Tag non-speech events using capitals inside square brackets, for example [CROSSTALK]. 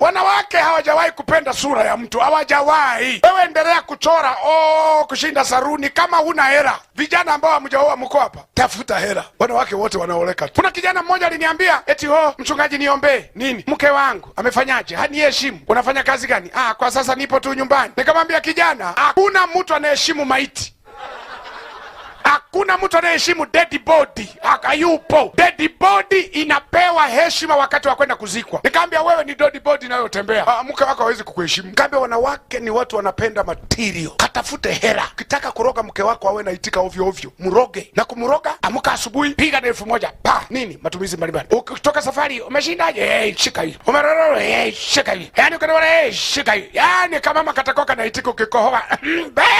Wanawake hawajawahi kupenda sura ya mtu, hawajawahi. Wewe endelea kuchora oh, kushinda saruni kama huna hela. Vijana ambao hamjaoa mko hapa, tafuta hela. Wanawake wote wanaoleka. tu. Kuna kijana mmoja aliniambia eti oh, mchungaji, niombee nini? Mke wangu amefanyaje? Haniheshimu. Unafanya kazi gani? Ah, kwa sasa nipo tu nyumbani. Nikamwambia kijana, hakuna mtu anaheshimu maiti hakuna mtu anayeheshimu dead body, hayupo. Dead body ina kupewa heshima wakati wa kwenda kuzikwa, nikaambia wewe ni bodi inayotembea, ah, mke wako hawezi kukuheshimu. Kaambia wanawake ni watu wanapenda matirio, katafute hera. Ukitaka kuroga mke wako awe naitika ovyo ovyo, mroge na kumroga. Amka asubuhi, piga na elfu moja pa nini, matumizi mbalimbali. Ukitoka safari, umeshindaje? Hey, shika hii umeroro. Hey, shika hii yani, ukanona. Hey, shika hii yani, kama mama katakoka naitika ukikohoa [CLEARS THROAT]